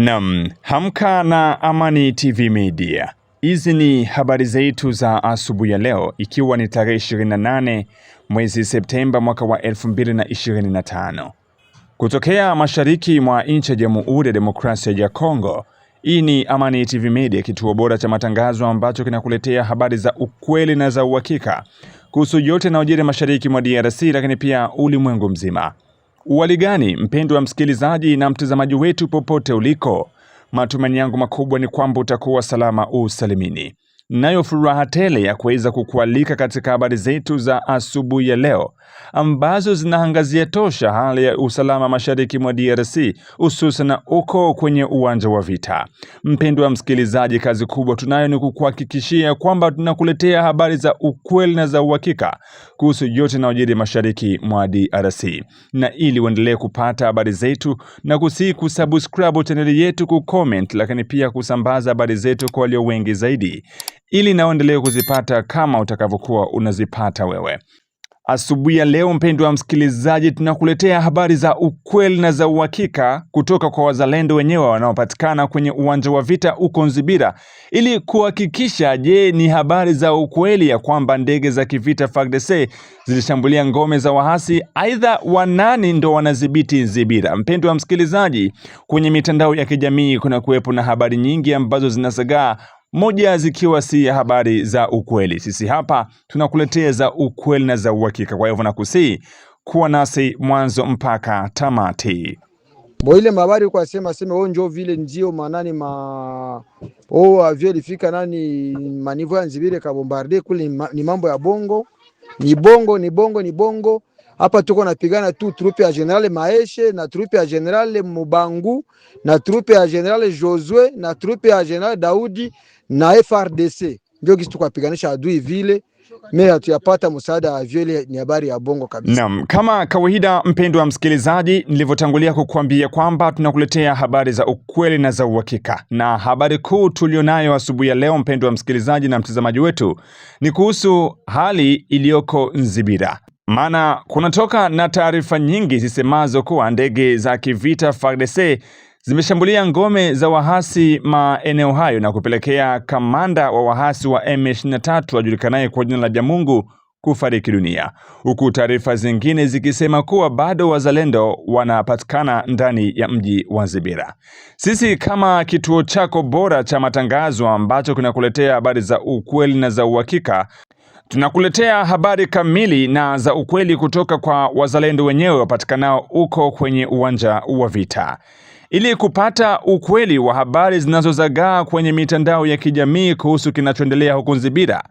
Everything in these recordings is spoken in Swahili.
Nam, hamka na Amani TV Media. Hizi ni habari zetu za asubuhi ya leo ikiwa ni tarehe 28 mwezi Septemba mwaka wa 2025. Kutokea mashariki mwa nchi ya Jamhuri ya Demokrasia ya Kongo, hii ni Amani TV Media, kituo bora cha matangazo ambacho kinakuletea habari za ukweli na za uhakika kuhusu yote yanayojiri mashariki mwa DRC, lakini pia ulimwengu mzima. Uwali gani wa msikilizaji na mtazamaji wetu popote uliko, matumaini yangu makubwa ni kwamba utakuwa salama usalimini. Nayo furaha tele ya kuweza kukualika katika habari zetu za asubuhi ya leo ambazo zinaangazia tosha hali ya usalama mashariki mwa DRC hususan uko kwenye uwanja wa vita. Mpendwa msikilizaji, kazi kubwa tunayo ni kukuhakikishia kwamba tunakuletea habari za ukweli na za uhakika kuhusu yote yanayojiri mashariki mwa DRC, na ili uendelee kupata habari zetu na kusi kusubscribe chaneli yetu, kucomment, lakini pia kusambaza habari zetu kwa walio wengi zaidi ili na uendelee kuzipata kama utakavyokuwa unazipata wewe. Asubuhi ya leo, mpendwa msikilizaji, tunakuletea habari za ukweli na za uhakika kutoka kwa wazalendo wenyewe wanaopatikana kwenye uwanja wa vita uko Nzibira, ili kuhakikisha, je, ni habari za ukweli ya kwamba ndege za kivita FARDC zilishambulia ngome za waasi? Aidha, wanani ndo wanadhibiti Nzibira? Mpendwa msikilizaji, kwenye mitandao ya kijamii kuna kuwepo na habari nyingi ambazo zinasagaa moja zikiwa si habari za ukweli. Sisi hapa tunakuletea za ukweli na za uhakika, kwa hivyo nakusii kuwa nasi mwanzo mpaka tamati. Bo ile mabari kwa sema sema o oh, njo vile njio manani ma o oh, avyo lifika nani manivu ya nzibire kabombarde kule ni mambo ya bongo ni bongo ni bongo ni bongo hapa tuko napigana tu trupe ya General Maeshe na trupe ya General Mubangu na trupe ya General Josue na trupe ya General Daudi na FRDC, ndio kitu tukapiganisha adui vile mimi hatuyapata msaada wa vyele, ni habari ya bongo kabisa. Naam, kama kawaida, wa msikilizaji, nilivyotangulia kukuambia kwamba tunakuletea habari za ukweli na za uhakika, na habari kuu tulionayo asubuhi ya leo, wa msikilizaji na mtazamaji wetu, ni kuhusu hali iliyoko Nzibira maana kunatoka na taarifa nyingi zisemazo kuwa ndege za kivita FARDC e zimeshambulia ngome za wahasi maeneo hayo na kupelekea kamanda wa wahasi wa M23 ajulikanaye kwa jina la Jamungu kufariki dunia, huku taarifa zingine zikisema kuwa bado wazalendo wanapatikana ndani ya mji wa Zibira. Sisi kama kituo chako bora cha matangazo ambacho kinakuletea habari za ukweli na za uhakika Tunakuletea habari kamili na za ukweli kutoka kwa wazalendo wenyewe wapatikanao uko kwenye uwanja wa vita. Ili kupata ukweli wa habari zinazozagaa kwenye mitandao ya kijamii kuhusu kinachoendelea huko Nzibira,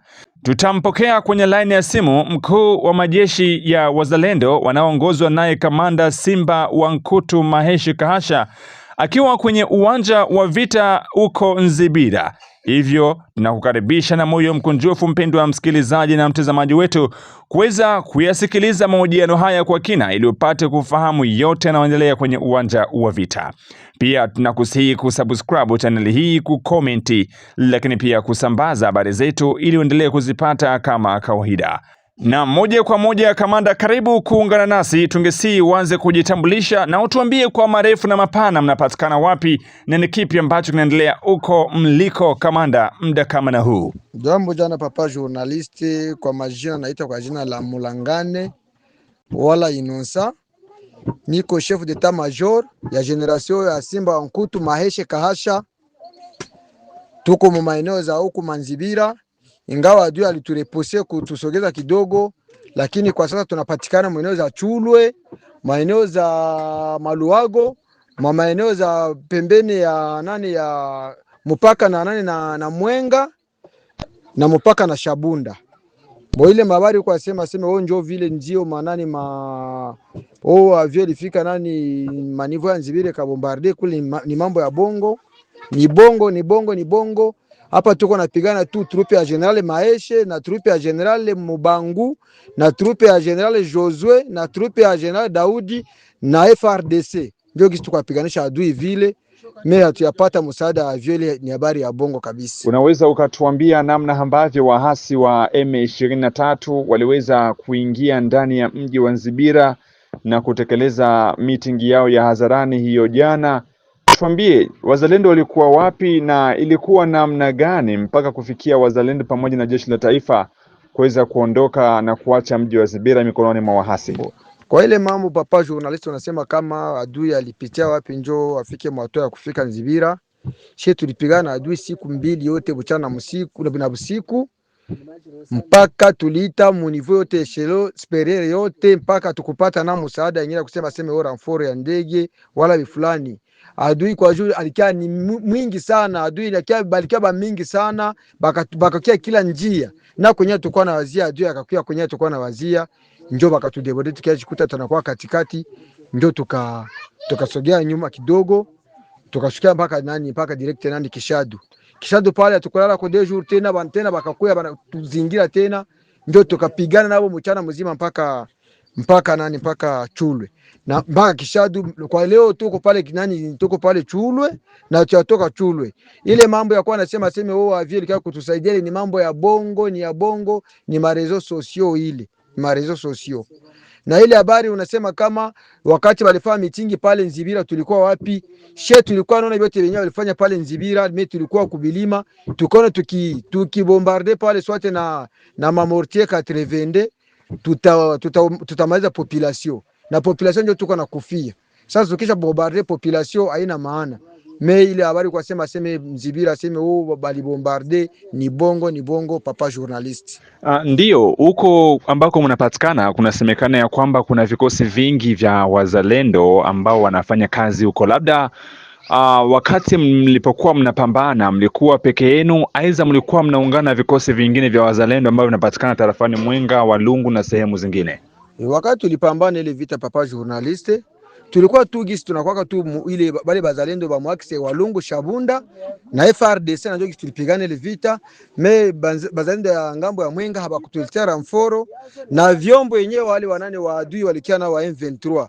tutampokea kwenye laini ya simu mkuu wa majeshi ya wazalendo wanaoongozwa naye Kamanda Simba wa nkutu Maheshi Kahasha akiwa kwenye uwanja wa vita huko Nzibira. Hivyo kukaribisha na moyo mkunjufu, mpendwa msikilizaji na mtazamaji wetu, kuweza kuyasikiliza mahojiano haya kwa kina, ili upate kufahamu yote yanayoendelea kwenye uwanja wa vita. Pia tunakusihi kusubscribe chaneli hii, kukomenti, lakini pia kusambaza habari zetu, ili uendelee kuzipata kama kawaida. Na moja kwa moja, kamanda, karibu kuungana nasi. Tungesii uanze kujitambulisha na utuambie kwa marefu na mapana, mnapatikana wapi na ni kipi ambacho kinaendelea huko mliko, kamanda, muda kama na huu? Jambo jana, papa journalisti, kwa majina naitwa kwa jina la Mulangane wala Inonsa, niko chef d'etat major ya generation ya Simba wa Nkutu Maheshe Kahasha, tuko mu maeneo za huku Manzibira ingawa adui aliturepose kutusogeza kidogo, lakini kwa sasa tunapatikana maeneo za Chulwe, maeneo za Maluago, ma maeneo za pembeni ya nani ya mpaka na nani na, na Mwenga na mpaka na Shabunda bo ile mabari kwa sema sema wao oh, njoo vile njio manani ma oh avyo ilifika nani manivu ya nzibire kabombarde kule ni mambo ya bongo ni bongo ni bongo ni bongo hapa tuko napigana tu trupe ya General Maeshe na trupe ya General Mubangu na trupe ya General Josue na trupe ya General Daudi na FRDC, ndio kitu tukapiganisha adui vile. Mimi hatuyapata msaada wa vile, ni habari ya bongo kabisa. Unaweza ukatuambia namna ambavyo waasi wa M23 waliweza kuingia ndani ya mji wa Nzibira na kutekeleza mitingi yao ya hadharani hiyo jana tuambie wazalendo walikuwa wapi na ilikuwa namna gani mpaka kufikia wazalendo pamoja na jeshi la taifa kuweza kuondoka na kuacha mji wa Zibira mikononi mwa wahasi? Kwa ile mambo papa journalist unasema kama adui alipitia wapi njoo afike mwato ya kufika Zibira. Sisi tulipigana adui siku mbili yote buchana na usiku na usiku mpaka tuliita munivo yote shelo sperere yote mpaka tukupata na msaada yenyewe kusema sema ora mforo ya ndege wala bifulani adui kwa juu alikia ni mwingi sana, adui alikia ba mingi sana, bakakia baka kila njia na kwenye tukua na wazia adui akakia kwenye tukua na wazia, njo bakatudebode tukiajikuta tunakuwa katikati, njo tuka tukasogea nyuma kidogo tukashukia mpaka nani mpaka direct nani Kishadu Kishadu pale atukulala kwa deux jours tena bantena bakakuya bana tuzingira tena, ndio tukapigana nabo mchana mzima mpaka mpaka nani mpaka Chulwe na mpaka Kishadu. Kwa leo tuko pale kinani, tuko pale Chulwe na tutatoka Chulwe. Ile mambo ya kuwa anasema sema wao oh, avie kwa kutusaidia ni mambo ya bongo, ni ya bongo, ni marezo sosio, ile marezo sosio. Na ile habari unasema kama wakati walifanya mitingi pale Nzibira, tulikuwa wapi? She tulikuwa naona yote wenyewe walifanya pale Nzibira, mimi tulikuwa kubilima, tukaona tuki tukibombarde pale swate na na mamortier 82 tutamaliza tuta, tuta population na population ndio tuko na kufia sasa. Tukisha bombarde population haina maana me ile habari kwa sema sema mzibira sema oh, bali bombarde ni bongo ni bongo, papa journalist. Uh, ah, ndio huko ambako mnapatikana, kunasemekana ya kwamba kuna vikosi vingi vya wazalendo ambao wanafanya kazi huko labda Uh, wakati mlipokuwa mnapambana mlikuwa peke yenu, aidha mlikuwa mnaungana na vikosi vingine vya wazalendo ambavyo vinapatikana tarafani Mwenga, Walungu na sehemu zingine? Eh, wakati tulipambana ile vita, papa journaliste, tulikuwa tu gisi tunakwaka tu ile bale bazalendo ba Mwakse, Walungu, Shabunda na FRDC na jogi tulipigana ile vita, me bazalendo ya ngambo ya Mwenga habakutuletea ramforo na vyombo yenyewe wale wanane wa adui walikia wa M23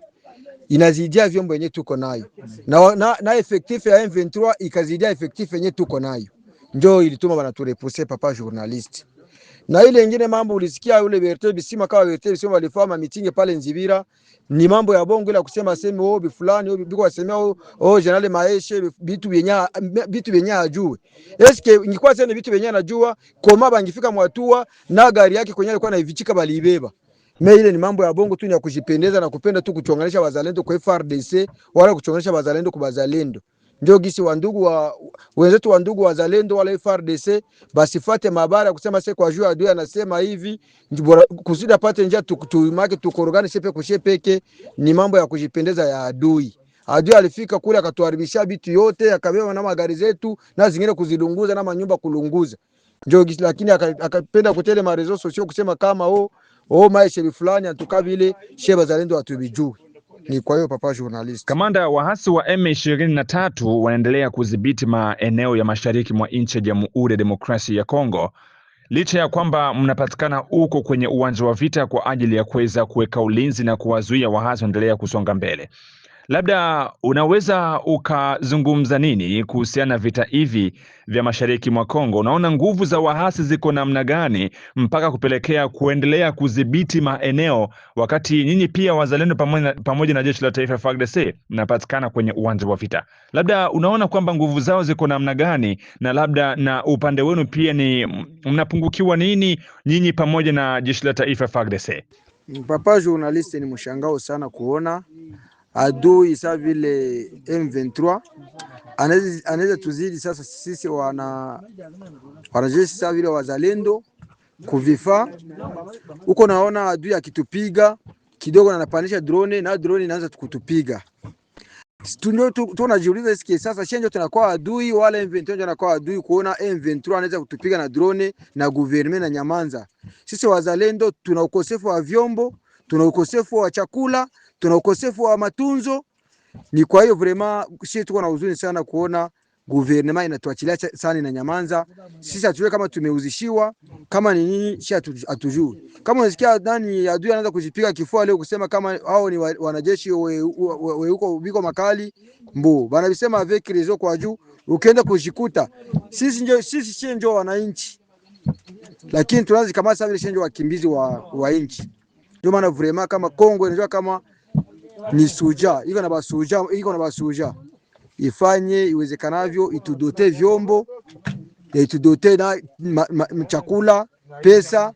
inazidia vyombo yenye tuko nayo na, na, na efektifu ya M23 ikazidia efektifu yenye tuko nayo, njo ilituma wanaturepose papa journalist na ile ingine mambo ulisikia ule Bertrand Bisima kawa Bertrand Bisima walifanya mitingi pale Nzibira, ni mambo ya bongo, ila kusema sema oh bifulani oh biko wasemea oh jenerali oh, Maeshe bitu benya bitu benya ajue, eske ingekuwa tena bitu benya najua koma bangifika mwatua na gari yake kwenye alikuwa anaivichika balibeba Me ile ni mambo ya bongo tu ni ya kujipendeza na kupenda tu kuchonganisha wazalendo kwa FRDC wala kuchonganisha wazalendo kwa wazalendo. Ndio gisi wa ndugu wa wenzetu wa ndugu wazalendo wala FRDC basi fate mabara kusema sasa kwa jua adui anasema hivi njibora, kusida pate njia tuimake tu, tukorogane shepe shepeke ni mambo ya kujipendeza ya adui. Adui alifika kule akatuharibisha vitu yote akabeba na magari zetu na zingine kuzidunguza na manyumba kulunguza. Ndio gisi lakini akapenda kutele marezo sio kusema kama oh oh, shebi fulani antuka vile she bazalendo hatuvijui. Ni kwa hiyo papa journalist. Kamanda, waasi wa M23 wanaendelea kudhibiti maeneo ya mashariki mwa nchi ya Jamhuri ya Demokrasia ya Kongo licha ya kwamba mnapatikana huko kwenye uwanja wa vita kwa ajili ya kuweza kuweka ulinzi na kuwazuia waasi waendelea kusonga mbele. Labda unaweza ukazungumza nini kuhusiana na vita hivi vya mashariki mwa Kongo? Unaona nguvu za waasi ziko namna gani mpaka kupelekea kuendelea kudhibiti maeneo, wakati nyinyi pia wazalendo pamoja, pamoja na jeshi la taifa FARDC mnapatikana kwenye uwanja wa vita? Labda unaona kwamba nguvu zao ziko namna gani, na labda na upande wenu pia ni mnapungukiwa nini nyinyi pamoja na jeshi la taifa FARDC? Papa journalist, ni mshangao sana kuona adui saa vile M23 anaweza tuzidi sasa sisi wana wanajeshi saa vile wazalendo kuvifaa huko. Naona adui akitupiga kidogo, anapandisha drone na drone inaanza kutupiga Tunjo tunajiuliza sisi sasa shenjo tunakuwa adui wala M23 tunakuwa adui, kuona M23 anaweza kutupiga na drone na government na nyamanza. Sisi wazalendo tuna ukosefu wa vyombo, tuna ukosefu wa chakula, tuna ukosefu wa matunzo. Ni kwa hiyo vrema sisi tuko na huzuni sana kuona guvernema inatuachilia sana, na nyamanza. Sisi hatujui kama tumeuzishiwa kama ni nini, sisi hatujui. Kama unasikia nani adui anaanza kujipiga kifua leo kusema kama hao ni wanajeshi weuko biko makali mbu bana bisema avec raison kwa juu, ukienda kujikuta sisi ndio sisi sisi ndio wananchi, lakini tunazikamata sasa vile sisi ndio wakimbizi wa wa nchi. Ndio maana vrema kama Kongo inajua kama ni suja, iko na basuja, iko na basuja, ifanye iwezekanavyo, itudote vyombo, itudote na ma, ma, chakula, pesa,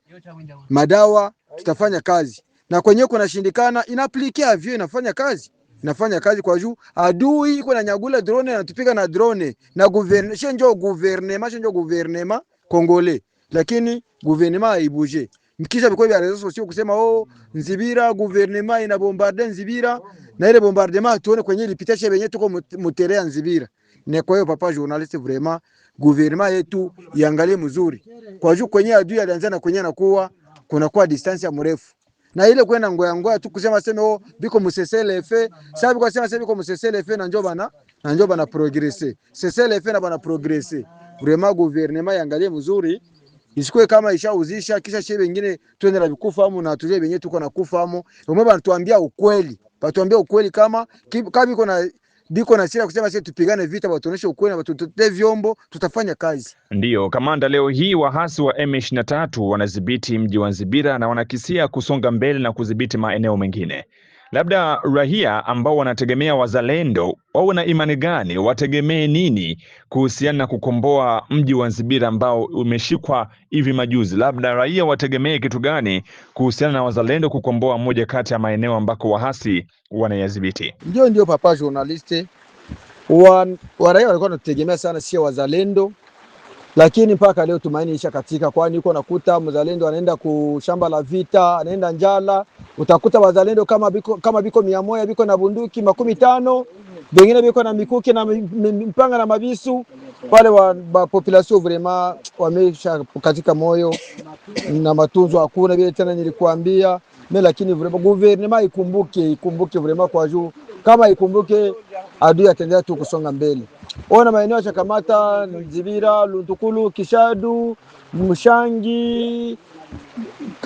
madawa, tutafanya kazi na kwenyewe kunashindikana, inaplikia vyo, inafanya kazi inafanya kazi kwa juu adui iko na nyagula drone anatupiga na drone na guverne shenjo guvernema shenjo guvernema kongole, lakini guvernema haibuje. Kisha biko vya rezo sio kusema oh, Nzibira guvernema ina bombarde Nzibira na ile bombardement tuone kwenye ilipita shehe yenyewe tuko mutere ya Nzibira. Ni kwa hiyo papa journalist vraiment guvernema yetu iangalie mzuri. Kwa juu kwenye adui alianza na kwenye anakuwa kuna kwa distance ya mrefu. Na ile kwenda ngoya ngoya tu kusema sema oh biko msesele fe sababu kwa sema sema biko msesele fe na njoba na na njoba na progresser. Sesele fe na bana progresser. Vraiment guvernema iangalie mzuri. Isikuwe kama ishauzisha kisha shie bengine twende na bikufamo na tuje benye tuko na kufamo. Ume banatuambia ukweli. Batuambia ukweli kama kama iko na biko na sira kusema sisi tupigane vita, batuoneshe ukweli na batutete vyombo, tutafanya kazi. ndio kamanda, leo hii wahasi wa M23 wanadhibiti mji wa Nzibira na wanakisia kusonga mbele na kudhibiti maeneo mengine. Labda rahia ambao wanategemea wazalendo wawe imani gani, wategemee nini kuhusiana na kukomboa mji wa Nzibira ambao umeshikwa hivi majuzi? Labda raia wategemee kitu gani kuhusiana na wazalendo kukomboa moja kati ya maeneo ambako wahasi wanayadhibiti? Ndio, ndio papa journalist, waraia walikuwa wanategemea sana sio wazalendo lakini mpaka leo tumaini isha katika, kwani uko nakuta mzalendo anaenda kushamba la vita, anaenda njala, Utakuta wazalendo kama biko, kama biko mia moja biko na bunduki makumi tano bengine biko na mikuki na mpanga na mabisu pale. Wa, wa population vraiment wamesha katika moyo na matunzo hakuna vile tena nilikuambia me, lakini vraiment gouvernement ikumbuke, ikumbuke vraiment kwa juu kama ikumbuke, adui atendea tu kusonga mbele. Ona maeneo ya Chakamata, Nzibira, Luntukulu, Kishadu, Mshangi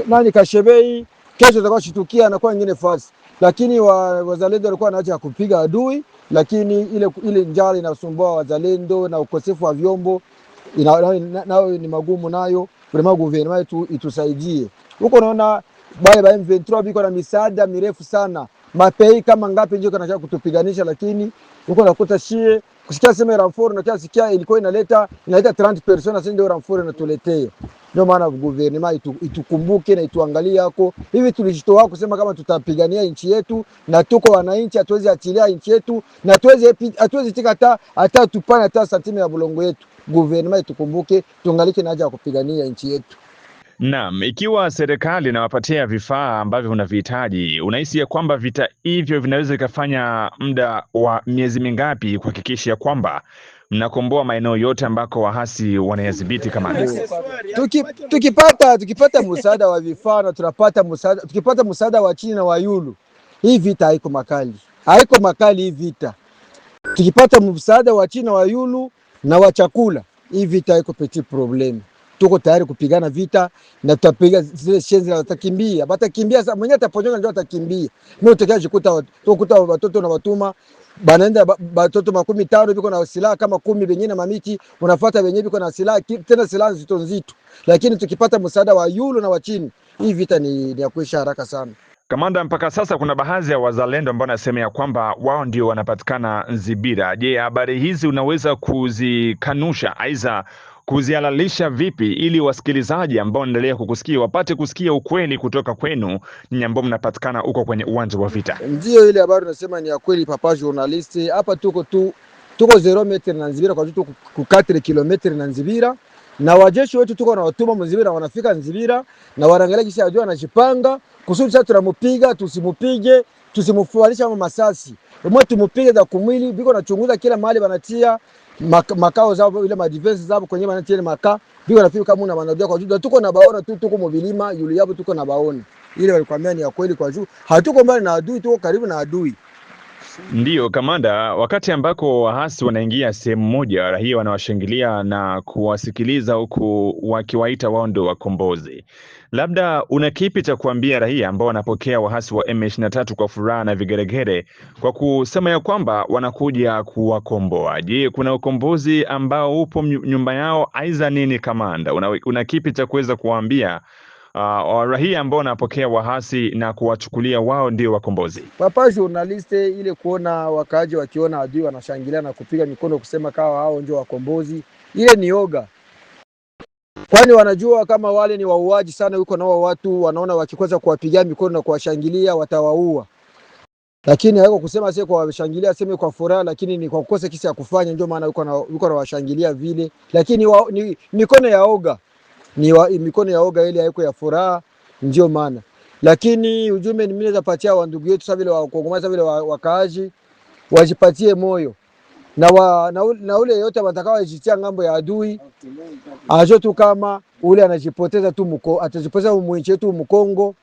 nani Kashebei kesho utakaoshtukia anakuwa nyingine fasi. Lakini wazalendo walikuwa wanaacha ya kupiga adui, lakini ile, ile njala inasumbua wazalendo na ukosefu wa vyombo nayo ni magumu, nayo vrema guvernema yetu itusaidie huko. Unaona bale ba M23 biko na misaada mirefu sana, mapei kama ngapi ndio kanachaka kutupiganisha, lakini huko nakuta shie kusikia sema ramfor na kiasikia sikia ilikuwa inaleta inaleta 30 persona, sasa ndio ramfor inatuletea. Ndio maana guvernema itu, itukumbuke na ituangalie yako hivi. Tulijitoa kusema kama tutapigania nchi yetu na tuko wananchi, hatuwezi achilia nchi yetu na hatuwezi hatuwezi tika hata hata tupane hata santime ya bulongo yetu. Guvernema itukumbuke, tuangalie na haja ya kupigania nchi yetu. Naam, ikiwa serikali inawapatia vifaa ambavyo unavihitaji, unahisi ya kwamba vita hivyo vinaweza vikafanya muda wa miezi mingapi kuhakikisha kwamba mnakomboa maeneo yote ambako wahasi wanayadhibiti? Kama tuki, tukipata tukipata msaada wa vifaa na tunapata msaada, tukipata msaada wa chini na wa yulu, hii vita haiko makali, haiko makali hii vita. Tukipata msaada wa chini na wa yulu na wa chakula, hii vita haiko petit probleme tuko tayari kupigana vita na tutapiga zile shenzi, watakimbia watakimbia, sasa mwenyewe ataponyoka ndio atakimbia. Mimi utakayejikuta tukuta watoto na watuma banaenda batoto makumi tano biko na silaha kama kumi benye mamiti unafuata wenyewe biko na silaha tena silaha nzito nzito, lakini tukipata msaada wa yulu na wachini, hii vita ni, ni ya kuisha haraka sana. Kamanda, mpaka sasa kuna baadhi ya wazalendo ambao wanasema ya kwamba wao ndio wanapatikana Nzibira. Je, habari hizi unaweza kuzikanusha? Aidha kuzihalalisha vipi ili wasikilizaji ambao wanaendelea kukusikia wapate kusikia ukweli kutoka kwenu nyinyi ambao mnapatikana huko kwenye uwanja wa vita? Ndio, ile habari unasema ni ya kweli, papa journalist. Hapa tuko tu tuko zero meter na Nzibira kwa tuko kukatire kilometre na Nzibira na wajeshi wetu tuko na watuma mzibira wanafika Nzibira na wanaangalia kisha ajua anajipanga kusudi sasa tunamupiga, tusimupige, tusimfuarisha masasi. Mwe tumupige za kumwili, biko nachunguza kila mahali banatia makao zao ile madefense zao kwenye maana tiene maka biko na kama una manadia kwa juu tuko na baona tu tuko mvilima yule yapo tuko na baona ile walikwambia ni ya kweli kwa juu hatuko mbali na adui tuko karibu na adui Ndiyo kamanda, wakati ambako waasi wanaingia sehemu moja, raia wanawashangilia na kuwasikiliza huku wakiwaita wao ndio wakombozi. Labda una kipi cha kuambia raia ambao wanapokea waasi wa M23 kwa furaha na vigeregere kwa kusema ya kwamba wanakuja kuwakomboa? Je, kuna ukombozi ambao upo nyumba yao aidha nini? Kamanda, una, una kipi cha kuweza kuwaambia uh, raia ambao wanapokea wahasi na kuwachukulia wao ndio wakombozi. Papa journaliste ile kuona wakaaji wakiona adui wanashangilia na kupiga mikono kusema kawa hao ndio wakombozi, ile ni yoga kwani wanajua kama wale ni wauaji sana huko, nao watu wanaona wakikosa kuwapigia mikono na kuwashangilia watawaua, lakini haiko kusema sio kwa washangilia, sema kwa furaha, lakini ni kwa kukosa kisa ya kufanya, ndio maana yuko na yuko na washangilia vile, lakini wa, ni mikono ya oga ni wa, mikono ya oga ile haiko ya furaha, ndio maana lakini ujumbe ni mimi naweza patia wa ndugu yetu sasa vile wa Kongo sasa vile wakaaji wajipatie moyo na, wa, na, na ule yote watakao jitia ngambo ya adui ajo tu kama ule anajipoteza tu mko atajipoteza mwenchi wetu mkongo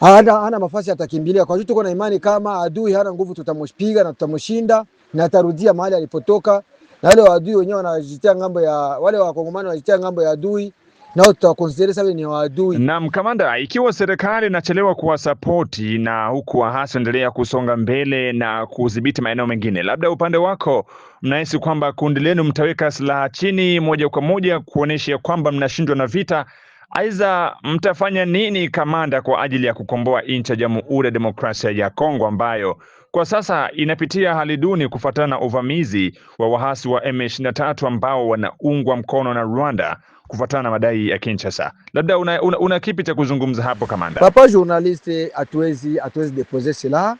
hana, hana mafasi atakimbilia kwa hiyo tuko na imani kama adui hana nguvu, tutamshpiga na tutamshinda na atarudia mahali alipotoka na wale waadui wenyewe wanajitia ngambo ya wale wakongomani wanajitia ngambo ya adui nao tutawakonsideri sasa ni waadui. Naam, kamanda, ikiwa serikali inachelewa kuwasapoti na huku waasi endelea kusonga mbele na kudhibiti maeneo mengine, labda upande wako mnahisi kwamba kundi lenu mtaweka silaha chini moja kwa moja kuonesha kwamba mnashindwa na vita? Aidha, mtafanya nini kamanda, kwa ajili ya kukomboa nchi ya Jamhuri ya Demokrasia ya Kongo ambayo kwa sasa inapitia hali duni kufuatana na uvamizi wa waasi wa M23 ambao wanaungwa mkono na Rwanda kufuatana na madai ya Kinshasa. Labda una, una, una kipi cha kuzungumza hapo kamanda? Papa journaliste, hatuwezi hatuwezi depose silaha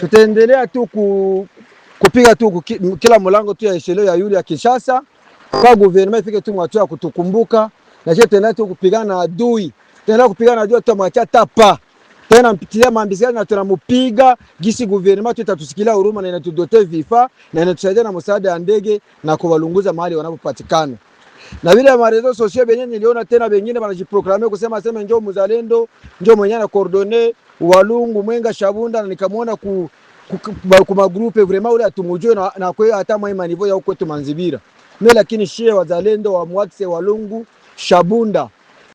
Tutaendelea tu ku, kupiga tu kila mlango tu ya eshelo ya yule ya Kinshasa kwa gouvernement ifike tu mwatu ya kutukumbuka na sisi tena tu kupigana na adui, tena kupigana na adui mwacha tapa tena mpitia maambizi na tunamupiga gisi guvernema tu itatusikilia huruma na inatudote vifa na inatusaidia na msaada ya ndege na kuwalunguza mahali wanapopatikana. Na vile marezo sosio benye niliona tena bengine wanajiproklame kusema sema njoo muzalendo njoo mwenye na coordonner Walungu, Mwenga, Shabunda na nikamwona ku kuma grupe vraiment ule atumujue na, na kwa hata mwa niveau ya huko tumanzibira. Mimi lakini shie wazalendo wa Mwakse, Walungu, Shabunda,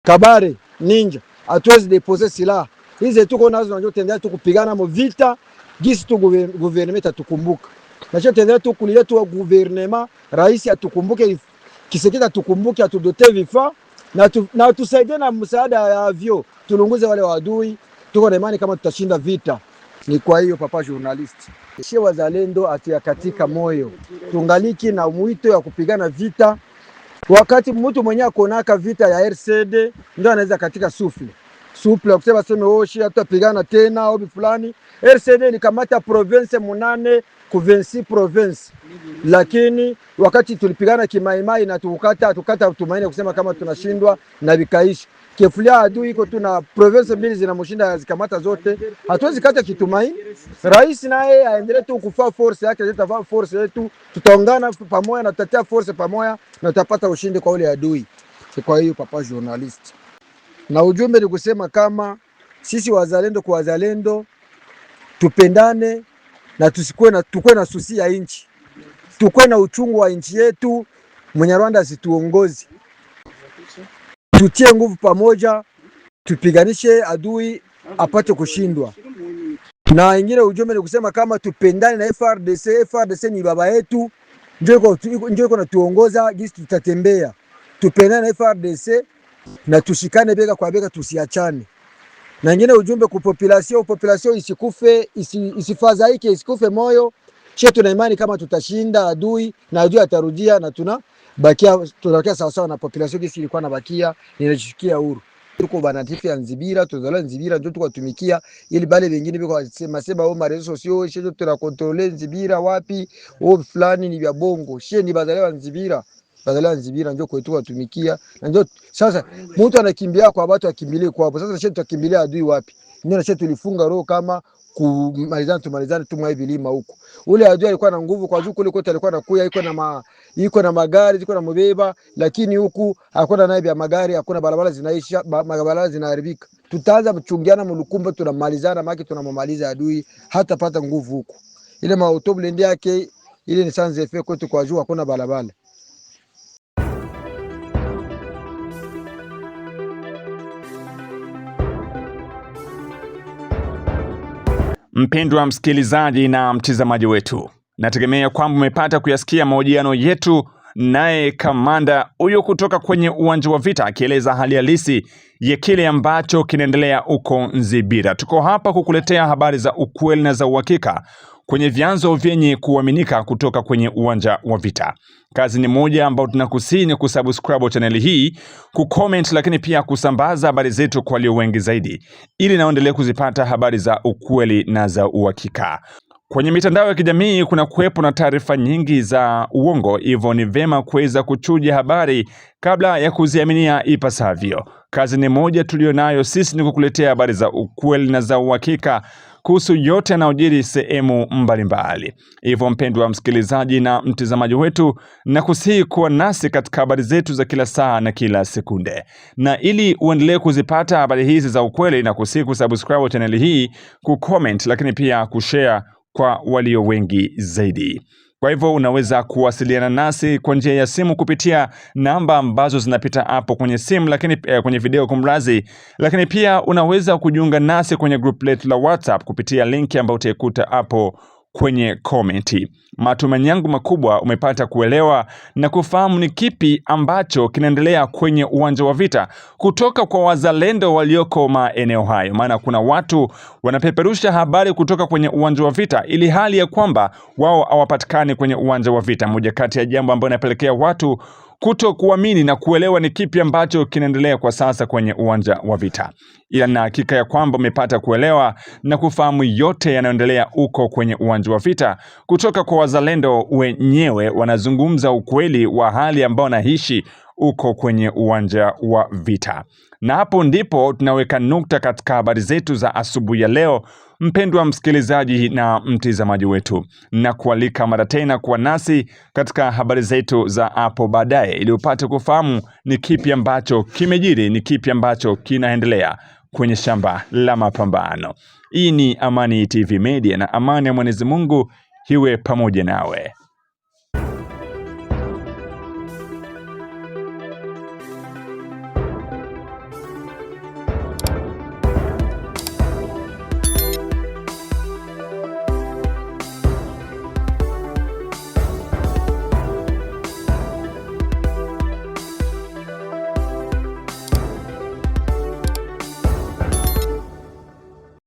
Kabare, Ninja, atuwezi depose silaha hizi tuko nazo, najua tutaendelea tu kupigana mu vita gisi tu guvernema itatukumbuka, najua tutaendelea tu kulia tu guvernema, rais atukumbuke, Kisekedi atukumbuke, atudote vifaa na tu, na tusaidie na msaada ya yavyo, tulunguze wale wadui. Tuko na imani kama tutashinda vita. Ni kwa hiyo papa journalist, sie wazalendo katika moyo, tungaliki na mwito ya kupigana vita. Wakati mtu mwenye akonaka vita ya RCD ndio anaweza katika sufi Oh, oh, ya kusema seme oshi hatutapigana tena au fulani. RCD ilikamata province munane kuvensi province, lakini wakati tulipigana kimaimai na tukukata tukata tumaini kusema kama tunashindwa na vikaishi kefulia adui iko tu na province mbili zinamshinda zikamata zote, hatuwezi kata kitumaini. Rais naye aendelee tu kufaa force yake, tutafaa force yetu, tutaungana pamoja na tutatia force pamoja na tutapata ushindi kwa ule adui. Kwa hiyo papa journalist na ujumbe ni kusema kama sisi wazalendo kwa wazalendo tupendane na tusikue na tukue na susi ya nchi, tukue na uchungu wa nchi yetu. rwanda asituongozi, tutie nguvu pamoja, tupiganishe adui apate kushindwa. Na ingine ujumbe ni kusema kama tupendane na FRDC. FRDC ni baba yetu, ndio iko natuongoza gisi tutatembea, tupendane na FRDC na tushikane bega kwa bega, tusiachane. Na nyingine ujumbe ku population, population isikufe, isi, isifadhaike, isikufe moyo. Sisi tuna imani kama tutashinda adui na adui atarudia na tuna bakia tunabakia sawa sawa na population kisi ilikuwa na bakia ninachukia huru. Tuko bana tifi ya Nzibira, tuzala Nzibira ndio tuko tumikia ili bale vingine biko sema sema au marezo sio sisi tuna control Nzibira wapi au fulani ni vya bongo. Sisi ni bazalewa Nzibira badala ya Zibira njoo kwetu watumikia na njoo sasa. Mtu anakimbia kwa watu akimbilie kwa hapo. Sasa shetu akimbilia adui wapi? Ndio shetu tulifunga roho kama kumalizana tumalizane tu mwa vilima huko. Ule adui alikuwa na nguvu kwa juu kule kote, alikuwa anakuya iko na ma, iko na magari iko na mbeba, lakini huku hakuna naye ya magari, hakuna barabara zinaisha, barabara zinaharibika. Tutaanza kuchungiana mulukumba, tunamalizana maki, tunamaliza adui hata pata nguvu huko. Ile maotobule yake ile ni sanze efe kwetu kwa juu hakuna barabara. Mpendwa msikilizaji na mtizamaji wetu, nategemea kwamba umepata kuyasikia mahojiano yetu naye kamanda huyo kutoka kwenye uwanja wa vita akieleza hali halisi ya kile ambacho kinaendelea huko Nzibira. Tuko hapa kukuletea habari za ukweli na za uhakika kwenye vyanzo vyenye kuaminika kutoka kwenye uwanja wa vita. Kazi ni moja ambayo ni kusubscribe chaneli hii, kucomment, lakini pia kusambaza habari zetu kwa walio wengi zaidi, ili naendelee kuzipata habari za ukweli na za uhakika. Kwenye mitandao ya kijamii kuna kuwepo na taarifa nyingi za uongo, hivyo ni vema kuweza kuchuja habari kabla ya kuziaminia ipasavyo. Kazi ni moja tuliyo nayo sisi ni kukuletea habari za ukweli na za uhakika kuhusu yote yanayojiri sehemu mbalimbali. Hivyo mpendwa msikilizaji na mtazamaji wetu, na kusihi kuwa nasi katika habari zetu za kila saa na kila sekunde, na ili uendelee kuzipata habari hizi za ukweli, na kusihi kusubscribe chaneli hii, kucomment, lakini pia kushare kwa walio wengi zaidi. Kwa hivyo unaweza kuwasiliana nasi kwa njia ya simu kupitia namba ambazo zinapita hapo kwenye simu, lakini eh, kwenye video kumrazi, lakini pia unaweza kujiunga nasi kwenye group letu la WhatsApp kupitia linki ambayo utaikuta hapo kwenye komenti. Matumaini yangu makubwa umepata kuelewa na kufahamu ni kipi ambacho kinaendelea kwenye uwanja wa vita kutoka kwa wazalendo walioko maeneo hayo, maana kuna watu wanapeperusha habari kutoka kwenye uwanja wa vita ili hali ya kwamba wao hawapatikani kwenye uwanja wa vita, moja kati ya jambo ambayo inapelekea watu kuto kuamini na kuelewa ni kipi ambacho kinaendelea kwa sasa kwenye uwanja wa vita, ila na hakika ya kwamba umepata kuelewa na kufahamu yote yanayoendelea uko kwenye uwanja wa vita kutoka kwa wazalendo wenyewe, wanazungumza ukweli wa hali ambao wanaishi uko kwenye uwanja wa vita. Na hapo ndipo tunaweka nukta katika habari zetu za asubuhi ya leo Mpendwa msikilizaji na mtizamaji wetu, na kualika mara tena kuwa nasi katika habari zetu za hapo baadaye, ili upate kufahamu ni kipi ambacho kimejiri, ni kipi ambacho kinaendelea kwenye shamba la mapambano. Hii ni Amani TV Media, na amani ya Mwenyezi Mungu iwe pamoja nawe.